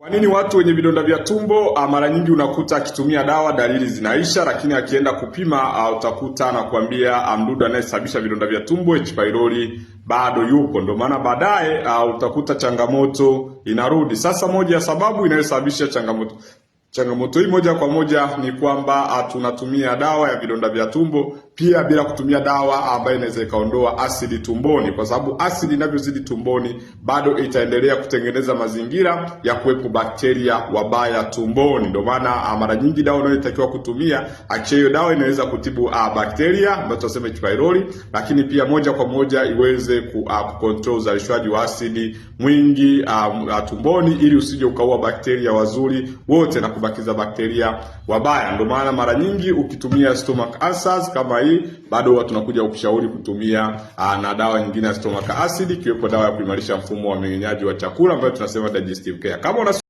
Kwa nini watu wenye vidonda vya tumbo ah, mara nyingi unakuta akitumia dawa dalili zinaisha, lakini akienda kupima ah, utakuta anakuambia ah, mdudu anayesababisha vidonda vya tumbo H pylori bado yupo. Ndio maana baadaye utakuta changamoto inarudi. Sasa moja ya sababu inayosababisha changamoto Changamoto hii moja kwa moja ni kwamba ah, tunatumia dawa ya vidonda vya tumbo pia bila kutumia dawa ambayo inaweza ikaondoa asidi tumboni, kwa sababu asidi inavyozidi tumboni bado itaendelea kutengeneza mazingira ya kuwepo bakteria wabaya tumboni. Ndio maana ah, mara nyingi dawa unayotakiwa kutumia, actually hiyo dawa inaweza kutibu a, ah, bakteria ambayo tunasema H pylori, lakini pia moja kwa moja iweze ku control uzalishaji wa asidi mwingi a, a, tumboni ili usije ukaua bakteria wazuri wote na kubakiza bakteria wabaya. Ndio maana mara nyingi ukitumia stomach acids kama hii, bado huwa tunakuja kushauri kutumia aa, ah, na dawa nyingine ya stomach acid, ikiwepo dawa ya kuimarisha mfumo wa mmeng'enyaji wa chakula ambayo tunasema digestive care. Kama una